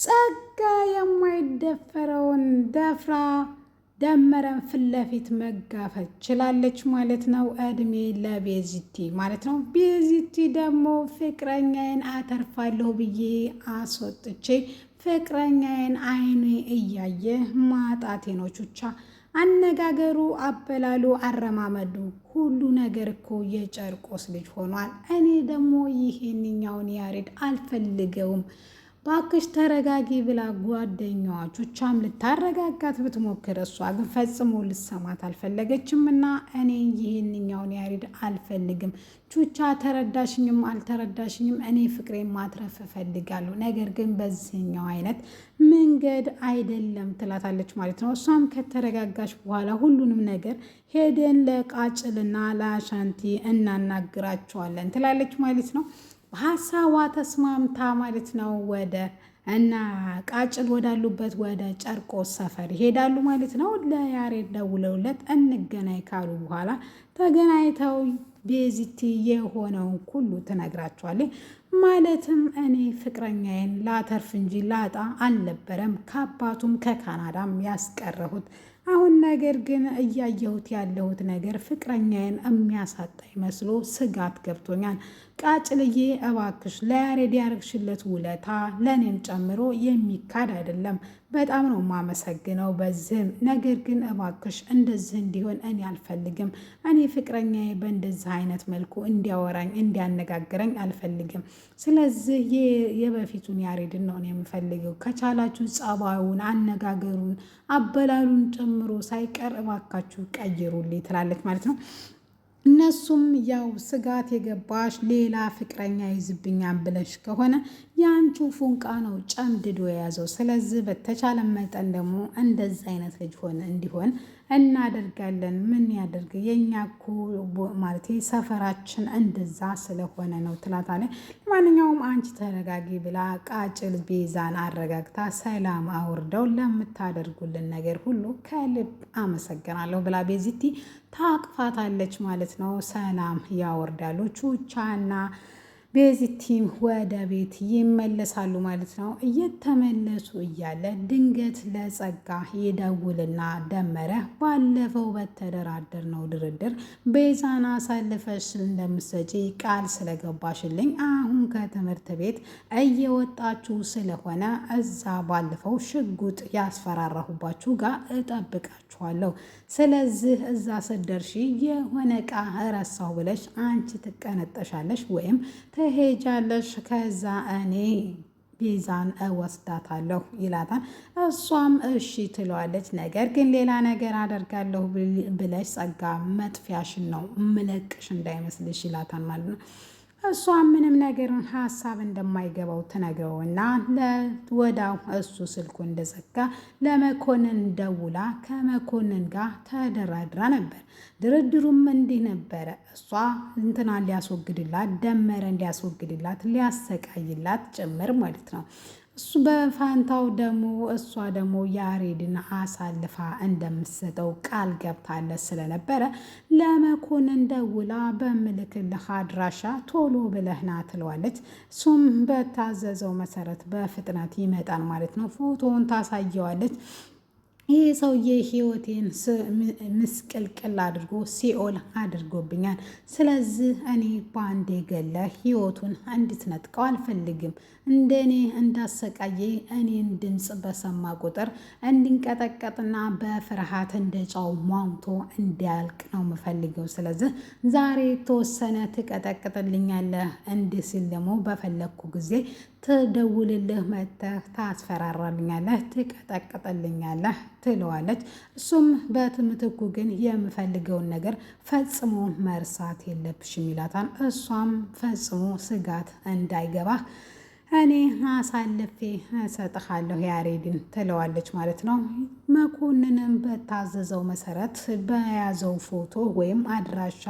ጸጋ የማይደፈረውን ደፍራ ደመረን ፊት ለፊት ችላለች ማለት ነው። እድሜ ለቤዚቲ ማለት ነው። ቤዚቲ ደግሞ ፍቅረኛዬን አተርፋለሁ ብዬ አስወጥቼ ፍቅረኛዬን አይኔ እያየ ማጣቴ ነው ቹቻ። አነጋገሩ፣ አበላሉ፣ አረማመዱ ሁሉ ነገር እኮ የጨርቆስ ልጅ ሆኗል። እኔ ደግሞ ይሄንኛውን ያሬድ አልፈልገውም። ባክሽ ተረጋጊ ብላ ጓደኛዋ ቹቻም ልታረጋጋት ብትሞክር እሷ ግን ፈጽሞ ልሰማት አልፈለገችም እና እኔ ይህንኛውን ያሬድ አልፈልግም ቹቻ ተረዳሽኝም አልተረዳሽኝም እኔ ፍቅሬ ማትረፍ እፈልጋለሁ ነገር ግን በዚህኛው አይነት መንገድ አይደለም ትላታለች ማለት ነው እሷም ከተረጋጋች በኋላ ሁሉንም ነገር ሄደን ለቃጭልና ለአሻንቲ እናናግራቸዋለን ትላለች ማለት ነው ሀሳቧ ተስማምታ ማለት ነው ወደ እና ቃጭል ወዳሉበት ወደ ጨርቆስ ሰፈር ይሄዳሉ ማለት ነው። ለያሬድ ደውለውለት እንገናኝ ካሉ በኋላ ተገናኝተው ቤዚቲ የሆነውን ሁሉ ትነግራቸዋለች። ማለትም እኔ ፍቅረኛዬን ላተርፍ እንጂ ላጣ አልነበረም ከአባቱም ከካናዳም ያስቀረሁት። አሁን ነገር ግን እያየሁት ያለሁት ነገር ፍቅረኛዬን የሚያሳጣኝ መስሎ ስጋት ገብቶኛል። ቃጭልዬ እባክሽ ለያሬድ ያርግሽለት ውለታ ለእኔም ጨምሮ የሚካድ አይደለም። በጣም ነው የማመሰግነው በዚህም ነገር ግን እባክሽ እንደዚህ እንዲሆን እኔ አልፈልግም። እኔ ፍቅረኛዬ በእንደዚህ አይነት መልኩ እንዲያወራኝ እንዲያነጋግረኝ አልፈልግም። ስለዚህ የበፊቱን ያሬድን ነው የምፈልገው። ከቻላችሁ ጸባዩን፣ አነጋገሩን፣ አበላሉን ጨምሮ ሳይቀር እባካችሁ ቀይሩልኝ ትላለች ማለት ነው። እነሱም ያው ስጋት የገባሽ ሌላ ፍቅረኛ ይዝብኛል ብለሽ ከሆነ የአንቹ ፉንቃ ነው ጨምድዶ የያዘው። ስለዚህ በተቻለ መጠን ደግሞ እንደዚ አይነት ልጅ ሆነ እንዲሆን እናደርጋለን። ምን ያደርግ የእኛ እኮ ማለት ሰፈራችን እንደዛ ስለሆነ ነው ትላታለች። ለማንኛውም አንቺ ተረጋጊ ብላ ቃጭል ቤዛን አረጋግታ ሰላም አውርደው ለምታደርጉልን ነገር ሁሉ ከልብ አመሰግናለሁ ብላ ቤዚቲ ታቅፋታለች ማለት ነው። ሰላም ያወርዳሉ ቹቻና ቲም ወደ ቤት ይመለሳሉ ማለት ነው። እየተመለሱ እያለ ድንገት ለጸጋ ይደውልና ደመረ ባለፈው በተደራደር ነው ድርድር ቤዛን አሳልፈሽ እንደምትሰጪ ቃል ስለገባሽልኝ አሁን ከትምህርት ቤት እየወጣችሁ ስለሆነ እዛ ባለፈው ሽጉጥ ያስፈራራሁባችሁ ጋር እጠብቃችኋለሁ። ስለዚህ እዛ ስደርሺ የሆነ ዕቃ ረሳሁ ብለሽ አንቺ ትቀነጠሻለሽ ወይም ትሄጃለሽ፣ ከዛ እኔ ቤዛን እወስዳታለሁ ይላታል። እሷም እሺ ትለዋለች። ነገር ግን ሌላ ነገር አደርጋለሁ ብለሽ ጸጋ መጥፊያሽን ነው ምለቅሽ እንዳይመስልሽ ይላታል ማለት ነው። እሷ ምንም ነገርን ሀሳብ እንደማይገባው እና ወዳው እሱ ስልኩ እንደዘጋ ለመኮንን ደውላ ከመኮንን ጋር ተደራድራ ነበር። ድርድሩም እንዲህ ነበረ። እሷ እንትና ሊያስወግድላት ደመረ ሊያስወግድላት ሊያሰቃይላት ጭምር ማለት ነው። እሱ በፋንታው ደግሞ እሷ ደግሞ ያሬድን አሳልፋ እንደምትሰጠው ቃል ገብታለት ስለነበረ ለመኮንን ደውላ በምልክልህ አድራሻ ቶሎ ብለህና ትለዋለች። እሱም በታዘዘው መሰረት በፍጥነት ይመጣል ማለት ነው። ፎቶውን ታሳየዋለች። ይህ ሰውዬ ህይወቴን ምስቅልቅል አድርጎ ሲኦል አድርጎብኛል። ስለዚህ እኔ በአንድ የገለ ህይወቱን እንድትነጥቀው አልፈልግም። እንደ እኔ እንዳሰቃየ እኔን ድምፅ በሰማ ቁጥር እንዲንቀጠቀጥና በፍርሃት እንደ ጨው ሟምቶ እንዲያልቅ ነው የምፈልገው። ስለዚህ ዛሬ ተወሰነ ትቀጠቅጥልኛለህ፣ እንዲህ ሲል ደግሞ በፈለግኩ ጊዜ ትደውልልህ መጥተህ ታስፈራራልኛለህ፣ ትቀጠቅጥልኛለህ ትለዋለች። እሱም በትምትኩ ግን የምፈልገውን ነገር ፈጽሞ መርሳት የለብሽም ይላታል። እሷም ፈጽሞ ስጋት እንዳይገባ እኔ አሳልፌ እሰጥሃለሁ ያሬድን ትለዋለች ማለት ነው። መኮንንም በታዘዘው መሰረት በያዘው ፎቶ ወይም አድራሻ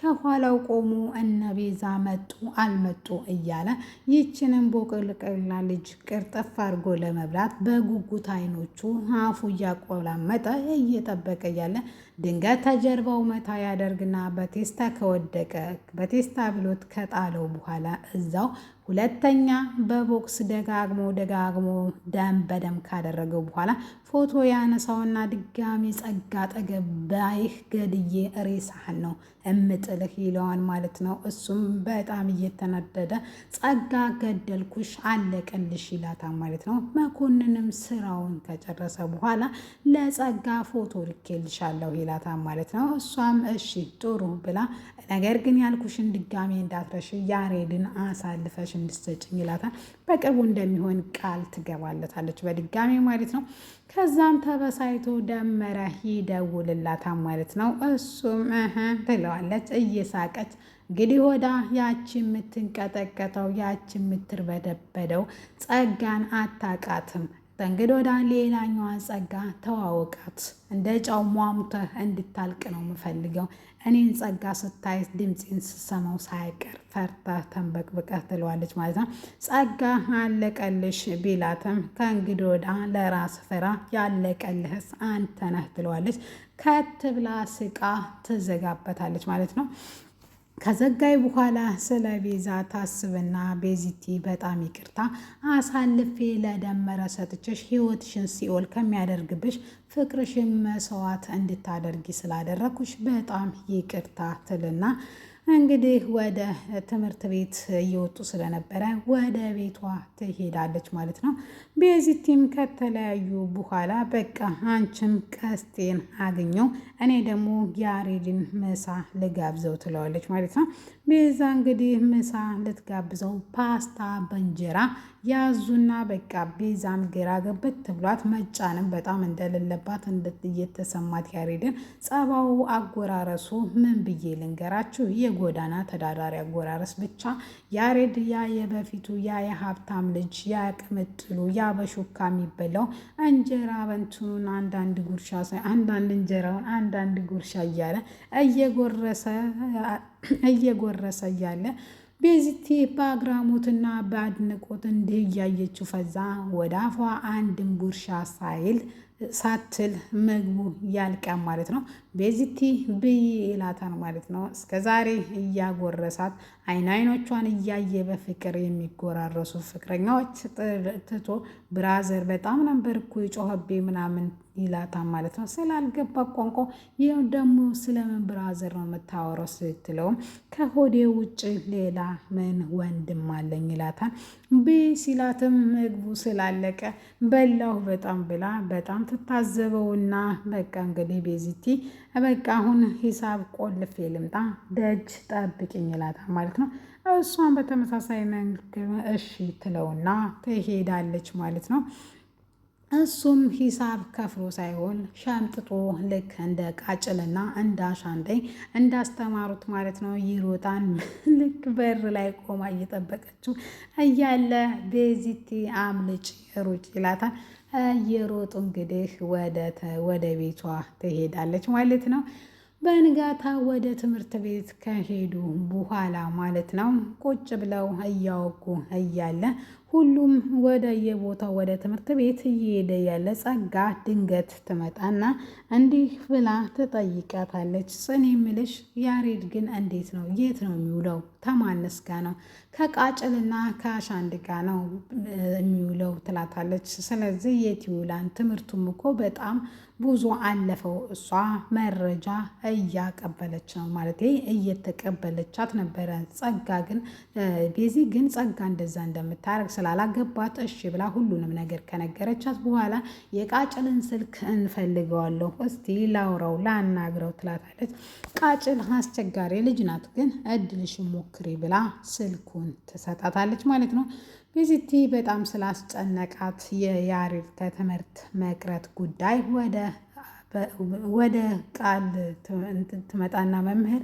ከኋላው ቆሞ እነ ቤዛ መጡ አልመጡ እያለ ይችንም ቦቅልቅላ ልጅ ቅርጥፍ አድርጎ ለመብላት በጉጉት አይኖቹ አፉ እያቆላመጠ እየጠበቀ እያለ ድንገት ተጀርባው መታ ያደርግና በቴስታ ከወደቀ በቴስታ ብሎት ከጣለው በኋላ እዛው ሁለተኛ በቦክስ ደጋግሞ ደጋግሞ ደም በደም ካደረገው በኋላ ፎቶ ያነሳውና ድጋሚ ጸጋ አጠገብ ባይህ ገድዬ ሬሳህን ነው እምጥልህ ይለዋል ማለት ነው። እሱም በጣም እየተናደደ ጸጋ ገደልኩሽ አለቀልሽ ይላታ ማለት ነው። መኮንንም ስራውን ከጨረሰ በኋላ ለጸጋ ፎቶ ልኬልሻለሁ ይላታ ማለት ነው። እሷም እሺ ጥሩ ብላ ነገር ግን ያልኩሽን ድጋሜ እንዳትረሽ ያሬድን አሳልፈሽ እንድሰጭኝ ይላታል። በቅርቡ እንደሚሆን ቃል ትገባለታለች በድጋሜ ማለት ነው። ከዛም ተበሳይቶ ደመረ ይደውልላታ ማለት ነው። እሱም ትለዋል ትለዋለች እየሳቀች እንግዲህ ወዳ ያቺ የምትንቀጠቀጠው ያቺ የምትርበደበደው ጸጋን አታቃትም። ከእንግዲህ ወደ ሌላኛዋን ጸጋ ተዋወቃት። እንደ ጨው ሟሙተህ እንድታልቅ ነው የምፈልገው። እኔን ጸጋ ስታይ ድምፄን ስሰማው ሳይቀር ፈርታ ተንበቅብቀህ ትለዋለች ማለት ነው። ጸጋ አለቀልሽ ቢላትም ከእንግዲህ ወዲያ ለራስ ፍራ፣ ያለቀልህስ አንተ ነህ ትለዋለች። ከት ብላ ስቃ ትዘጋበታለች ማለት ነው። ከዘጋይ በኋላ ስለ ቤዛ ታስብና ቤዚቲ በጣም ይቅርታ አሳልፌ ለደመረ ሰጥቼሽ ህይወትሽን ሲኦል ከሚያደርግብሽ ፍቅርሽን መስዋዕት እንድታደርጊ ስላደረግኩሽ በጣም ይቅርታ ትልና እንግዲህ ወደ ትምህርት ቤት እየወጡ ስለነበረ ወደ ቤቷ ትሄዳለች ማለት ነው። ቤዚቲም ከተለያዩ በኋላ በቃ አንቺም ቀስቴን አገኘው፣ እኔ ደግሞ ያሬድን ምሳ ልጋብዘው ትለዋለች ማለት ነው። ቤዛ እንግዲህ ምሳ ልትጋብዘው ፓስታ በእንጀራ ያዙና በቃ ቤዛም ግራ ገብት ትብሏት መጫንም በጣም እንደሌለባት እንደየተሰማት ያሬድን ጸባው፣ አጎራረሱ ምን ብዬ ልንገራችሁ የ የጎዳና ተዳዳሪ አጎራረስ ብቻ ያሬድ ያ የበፊቱ ያ የሀብታም ልጅ ያ ቅምጥሉ ያ በሹካ የሚበላው እንጀራ በንቱኑን አንዳንድ ጉርሻ አንዳንድ እንጀራውን አንዳንድ ጉርሻ እያለ እየጎረሰ እያለ ቤዚቲ በአግራሞትና በአድንቆት እንዲህ እያየችው ፈዛ ወደ አፏ አንድም ጉርሻ ሳይል ሳትል ምግቡ ያልቀ ማለት ነው። ቤዚቲ ብይ ይላታል ማለት ነው። እስከ ዛሬ እያጎረሳት አይን አይኖቿን እያየ በፍቅር የሚጎራረሱ ፍቅረኛዎች ትቶ ብራዘር በጣም ነበር እኮ የጮኸቤ ምናምን ይላታል ማለት ነው። ስላልገባ ቋንቋ ይህ ደግሞ ስለምን ብራዘር ነው የምታወረው ስትለውም ከሆዴ ውጭ ሌላ ምን ወንድም አለኝ ይላታል። ብይ ሲላትም ምግቡ ስላለቀ በላሁ በጣም ብላ በጣም ትታዘበውና በቃ እንግዲህ ቤዚቲ በቃ አሁን ሂሳብ ቆልፌ ልምጣ ደጅ ጠብቅኝ ይላታል ማለት ነው። እሷን በተመሳሳይ መንክ እሺ ትለውና ትሄዳለች ማለት ነው። እሱም ሂሳብ ከፍሎ ሳይሆን ሸምጥጦ ልክ እንደ ቃጭልና እንደ አሻንዳኝ እንዳስተማሩት ማለት ነው። ይሮጣን ልክ በር ላይ ቆማ እየጠበቀችው እያለ ቤዚቲ አምልጭ ሩጭ ይላታል። እየሮጡ እንግዲህ ወደ ቤቷ ትሄዳለች ማለት ነው። በንጋታ ወደ ትምህርት ቤት ከሄዱ በኋላ ማለት ነው ቁጭ ብለው እያወጉ እያለ ሁሉም የቦታው ወደ ትምህርት ቤት እየሄደ ያለ ጸጋ ድንገት ትመጣና እንዲህ ብላ ትጠይቃታለች። ጽን የምልሽ ያሬድ ግን እንዴት ነው? የት ነው የሚውለው? ተማንስ ጋ ነው? ከቃጭልና ከአሻንድ ጋ ነው የሚውለው ትላታለች። ስለዚህ የት ይውላን? ትምህርቱም እኮ በጣም ብዙ አለፈው። እሷ መረጃ እያቀበለች ነው ማለት እየተቀበለቻት ነበረ። ጸጋ ግን ቤዚ ግን ጸጋ እንደዛ እንደምታረግ ስላላገባት እሺ ብላ ሁሉንም ነገር ከነገረቻት በኋላ የቃጭልን ስልክ እንፈልገዋለሁ፣ እስቲ ላውራው ላናግረው ትላታለች። ቃጭል አስቸጋሪ ልጅ ናት፣ ግን እድልሽ ሞክሪ ብላ ስልኩን ትሰጣታለች ማለት ነው። ቪዚቲ በጣም ስላስጨነቃት የያሬድ ከትምህርት መቅረት ጉዳይ ወደ ቃል ትመጣና መምህር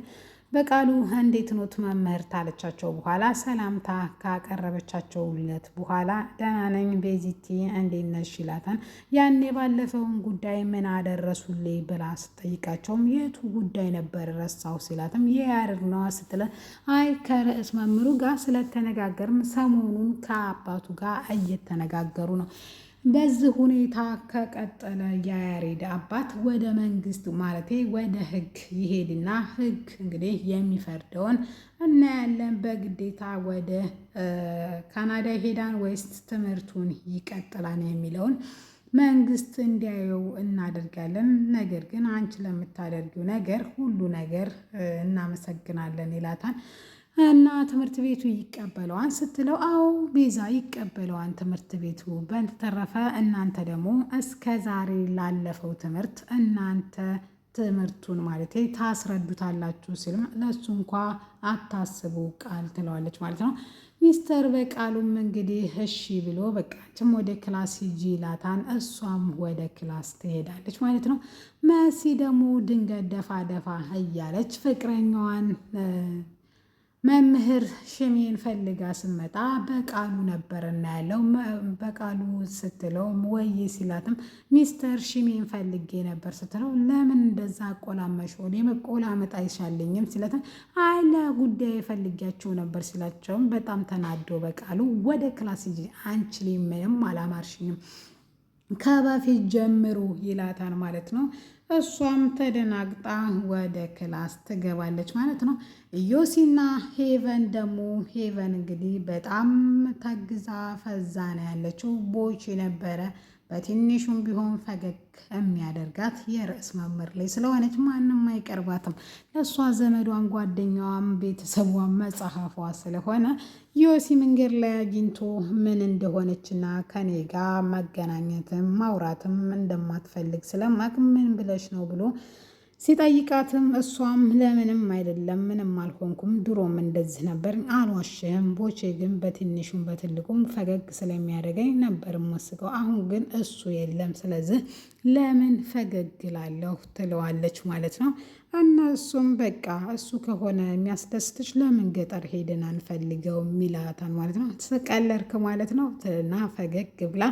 በቃሉ እንዴት ኖት መምህርት አለቻቸው። በኋላ ሰላምታ ካቀረበቻቸውለት በኋላ ደህና ነኝ ቤዚቲ እንዴት ነሽ ይላታል። ያኔ ባለፈውን ጉዳይ ምን አደረሱልኝ ብላ ስጠይቃቸውም የቱ ጉዳይ ነበር ረሳው ሲላትም ይህ ያድር ነዋ ስትለ አይ ከርዕስ መምህሩ ጋር ስለተነጋገርም ሰሞኑን ከአባቱ ጋር እየተነጋገሩ ነው በዚህ ሁኔታ ከቀጠለ የያሬድ አባት ወደ መንግስት ማለቴ ወደ ህግ ይሄድና ህግ እንግዲህ የሚፈርደውን እናያለን። በግዴታ ወደ ካናዳ ይሄዳን ወይስ ትምህርቱን ይቀጥላል የሚለውን መንግስት እንዲያየው እናደርጋለን። ነገር ግን አንቺ ለምታደርጊው ነገር ሁሉ ነገር እናመሰግናለን ይላታል። እና ትምህርት ቤቱ ይቀበለዋን ስትለው አዎ ቤዛ ይቀበለዋን ትምህርት ቤቱ። በተረፈ እናንተ ደግሞ እስከ ዛሬ ላለፈው ትምህርት እናንተ ትምህርቱን ማለት ታስረዱታላችሁ ሲልም ለሱ እንኳ አታስቡ ቃል ትለዋለች ማለት ነው። ሚስተር በቃሉም እንግዲህ እሺ ብሎ በቃችም ወደ ክላስ ሂጂ ላታን እሷም ወደ ክላስ ትሄዳለች ማለት ነው። መሲ ደግሞ ድንገት ደፋ ደፋ እያለች ፍቅረኛዋን መምህር ሽሜን ፈልጋ ስመጣ በቃሉ ነበር እናያለው። በቃሉ ስትለውም ወይ ሲላትም ሚስተር ሽሜን ፈልጌ ነበር ስትለው ለምን እንደዛ አቆላመሽ ሆኔ መቆላመጥ አይሻልኝም ሲላትም አይ ለጉዳይ ፈልጊያቸው ነበር ሲላቸውም በጣም ተናዶ በቃሉ ወደ ክላስ ሂጂ አንቺ ምንም አላማርሽኝም ከበፊት ጀምሮ ይላታል ማለት ነው። እሷም ተደናግጣ ወደ ክላስ ትገባለች ማለት ነው። ዮሲና ሄቨን ደግሞ ሄቨን እንግዲህ በጣም ታግዛ ፈዛ ነው ያለችው። ቦች ነበረ በትንሹም ቢሆን ፈገግ የሚያደርጋት የርዕስ መምህር ላይ ስለሆነች ማንም አይቀርባትም። ለእሷ ዘመዷም፣ ጓደኛዋም፣ ቤተሰቧን መጽሐፏ ስለሆነ ዮሲ መንገድ ላይ አግኝቶ ምን እንደሆነችና ከኔ ጋር መገናኘትም ማውራትም እንደማትፈልግ ስለማቅ ምን ብለሽ ነው ብሎ ሲጠይቃትም እሷም ለምንም አይደለም ምንም አልሆንኩም፣ ድሮም እንደዚህ ነበር፣ አልዋሽም። ቦቼ ግን በትንሹም በትልቁም ፈገግ ስለሚያደርገኝ ነበር የምወስቀው። አሁን ግን እሱ የለም፣ ስለዚህ ለምን ፈገግ ላለሁ ትለዋለች ማለት ነው። እና እሱም በቃ እሱ ከሆነ የሚያስደስትች ለምን ገጠር ሄደን አንፈልገውም ይላታል ማለት ነው። ትቀለርክ ማለት ነው ትና ፈገግ ብላ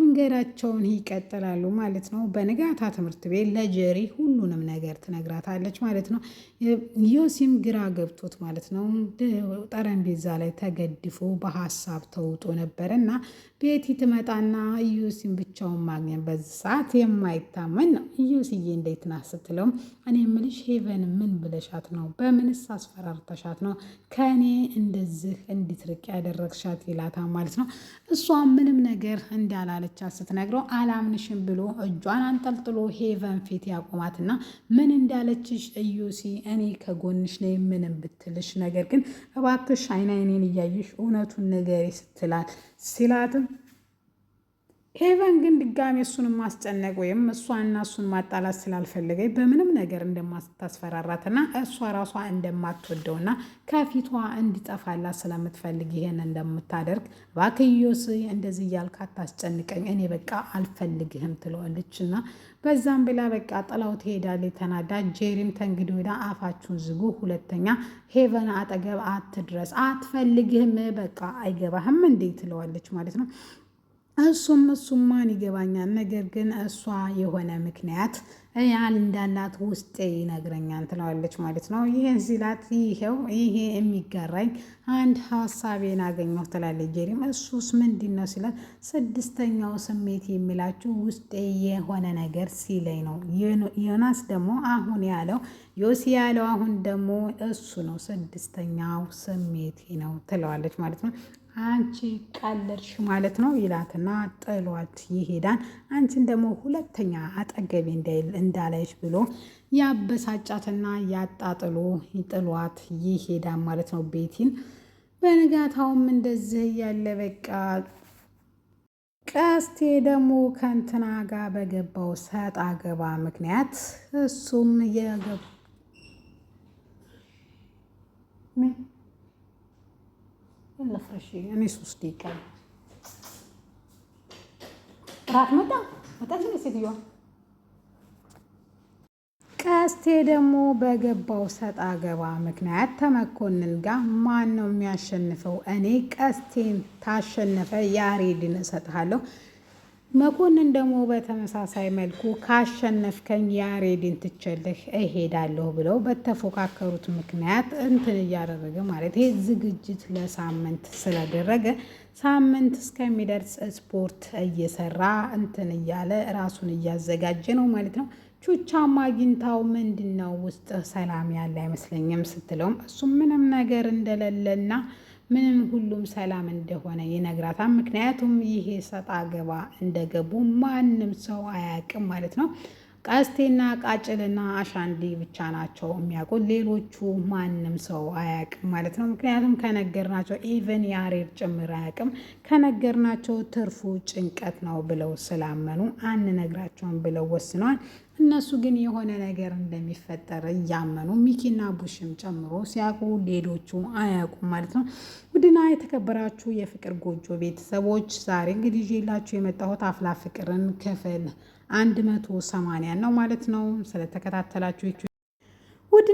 መንገዳቸውን ይቀጥላሉ ማለት ነው። በንጋታ ትምህርት ቤት ለጀሪ ሁሉንም ነገር ትነግራታለች ማለት ነው። ዮሲም ግራ ገብቶት ማለት ነው ጠረጴዛ ላይ ተገድፎ በሀሳብ ተውጦ ነበር እና ቤቲ ትመጣና ዮሲም ብቻውን ማግኘት በዚህ ሰዓት የማይታመን ነው። ዮሲዬ እንዴት ናት ስትለውም እኔ የምልሽ ሄቨን ምን ብለሻት ነው? በምንስ አስፈራርተሻት ነው ከእኔ እንደዚህ እንድትርቅ ያደረግሻት? ይላታ ማለት ነው። እሷ ምንም ነገር እንዳላለቻት ስትነግረው አላምንሽም ብሎ እጇን አንጠልጥሎ ሄቨን ፊት ያቆማትና ምን እንዳለችሽ እዩሲ፣ እኔ ከጎንሽ ነኝ ምንም ብትልሽ፣ ነገር ግን እባክሽ አይን እያየሽ እውነቱን ንገሪ ስትላት ሲላትም ሄቨን ግን ድጋሚ እሱን ማስጨነቅ ወይም እሷና እሱን ማጣላት ስላልፈለገኝ በምንም ነገር እንደማታስፈራራትና እሷ ራሷ እንደማትወደውና ከፊቷ እንዲጠፋላት ስለምትፈልግ ይሄን እንደምታደርግ ባክዮስ እንደዚህ እያልክ አታስጨንቀኝ፣ እኔ በቃ አልፈልግህም ትለዋለችና በዛም ብላ በቃ ጥላው ትሄዳለች ተናዳ። ጄሪም ተንግዶ ወዲያ አፋችሁን ዝጉ፣ ሁለተኛ ሄቨን አጠገብ አትድረስ፣ አትፈልግህም፣ በቃ አይገባህም እንዴ ትለዋለች ማለት ነው። እሱም እሱማን ይገባኛል። ነገር ግን እሷ የሆነ ምክንያት ያል እንዳላት ውስጤ ይነግረኛል ትለዋለች ማለት ነው። ይህን ሲላት ይሄው ይሄ የሚገራኝ አንድ ሀሳቤን አገኘሁ ትላለች። ጀሪም እሱስ ምንድን ነው ሲላት፣ ስድስተኛው ስሜት የሚላችሁ ውስጤ የሆነ ነገር ሲለኝ ነው። ዮናስ ደግሞ አሁን ያለው ዮሲ ያለው አሁን ደግሞ እሱ ነው ስድስተኛው ስሜት ነው ትለዋለች ማለት ነው። አንቺ ቀለድሽ ማለት ነው ይላትና ጥሏት ይሄዳል። አንቺን ደግሞ ሁለተኛ አጠገቤ እንዳላይሽ ብሎ ያበሳጫትና ያጣጥሎ ጥሏት ይሄዳል ማለት ነው ቤቲን። በንጋታውም እንደዚህ ያለ በቃ ቀስቴ ደግሞ ከእንትና ጋር በገባው ሰጥ አገባ ምክንያት እሱም የገባ ለፍረሽ እኔ ሶስት ደቂቃ ራት መጣ መጣች ሴትዮዋ። ቀስቴ ደግሞ በገባው ሰጣ ገባ ምክንያት ተመኮንን ጋር ማን ነው የሚያሸንፈው? እኔ ቀስቴን ታሸነፈ ያሬድን እሰጥሃለሁ መኮንን ደግሞ በተመሳሳይ መልኩ ካሸነፍከኝ ያሬድን ትቼልህ እሄዳለሁ ብለው በተፎካከሩት ምክንያት እንትን እያደረገ ማለት ይሄ ዝግጅት ለሳምንት ስለደረገ ሳምንት እስከሚደርስ ስፖርት እየሰራ እንትን እያለ ራሱን እያዘጋጀ ነው ማለት ነው። ቹቻም አግኝታው ምንድን ነው ውስጥ ሰላም ያለ አይመስለኝም ስትለውም እሱ ምንም ነገር እንደሌለና ምንም ሁሉም ሰላም እንደሆነ ይነግራታል። ምክንያቱም ይሄ ሰጣ ገባ እንደገቡ ማንም ሰው አያውቅም ማለት ነው። ቀስቴና ቃጭልና አሻንዲ ብቻ ናቸው የሚያውቁት። ሌሎቹ ማንም ሰው አያውቅም ማለት ነው። ምክንያቱም ከነገርናቸው ኢቨን የአሬር ጭምር አያውቅም። ከነገርናቸው ትርፉ ጭንቀት ነው ብለው ስላመኑ አንነግራቸውን ብለው ወስነዋል። እነሱ ግን የሆነ ነገር እንደሚፈጠር እያመኑ ሚኪና ቡሽም ጨምሮ ሲያውቁ ሌሎቹ አያውቁም ማለት ነው። ውድና የተከበራችሁ የፍቅር ጎጆ ቤተሰቦች ዛሬ እንግዲህ ይዤላችሁ የመጣሁት አፍላ ፍቅርን ክፍል አንድ መቶ ነው ማለት ነው። ስለተከታተላችሁ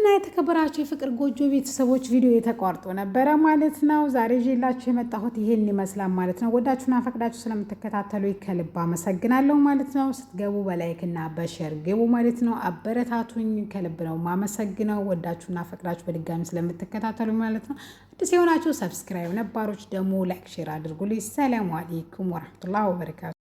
ውድና የተከበራችሁ የፍቅር ጎጆ ቤተሰቦች ቪዲዮ የተቋርጦ ነበረ ማለት ነው። ዛሬ ይዤላችሁ የመጣሁት ይሄን ይመስላል ማለት ነው። ወዳችሁና ፈቅዳችሁ ስለምትከታተሉ ከልብ አመሰግናለሁ ማለት ነው። ስትገቡ በላይክና በሸር ግቡ ማለት ነው። አበረታቱኝ ከልብ ነው ማመሰግነው። ወዳችሁና ፈቅዳችሁ በድጋሚ ስለምትከታተሉ ማለት ነው። አዲስ የሆናችሁ ሰብስክራይብ፣ ነባሮች ደግሞ ላይክ፣ ሼር አድርጉልኝ። ሰላሙ አሌይኩም ወረሕመቱላሂ ወበረካቱ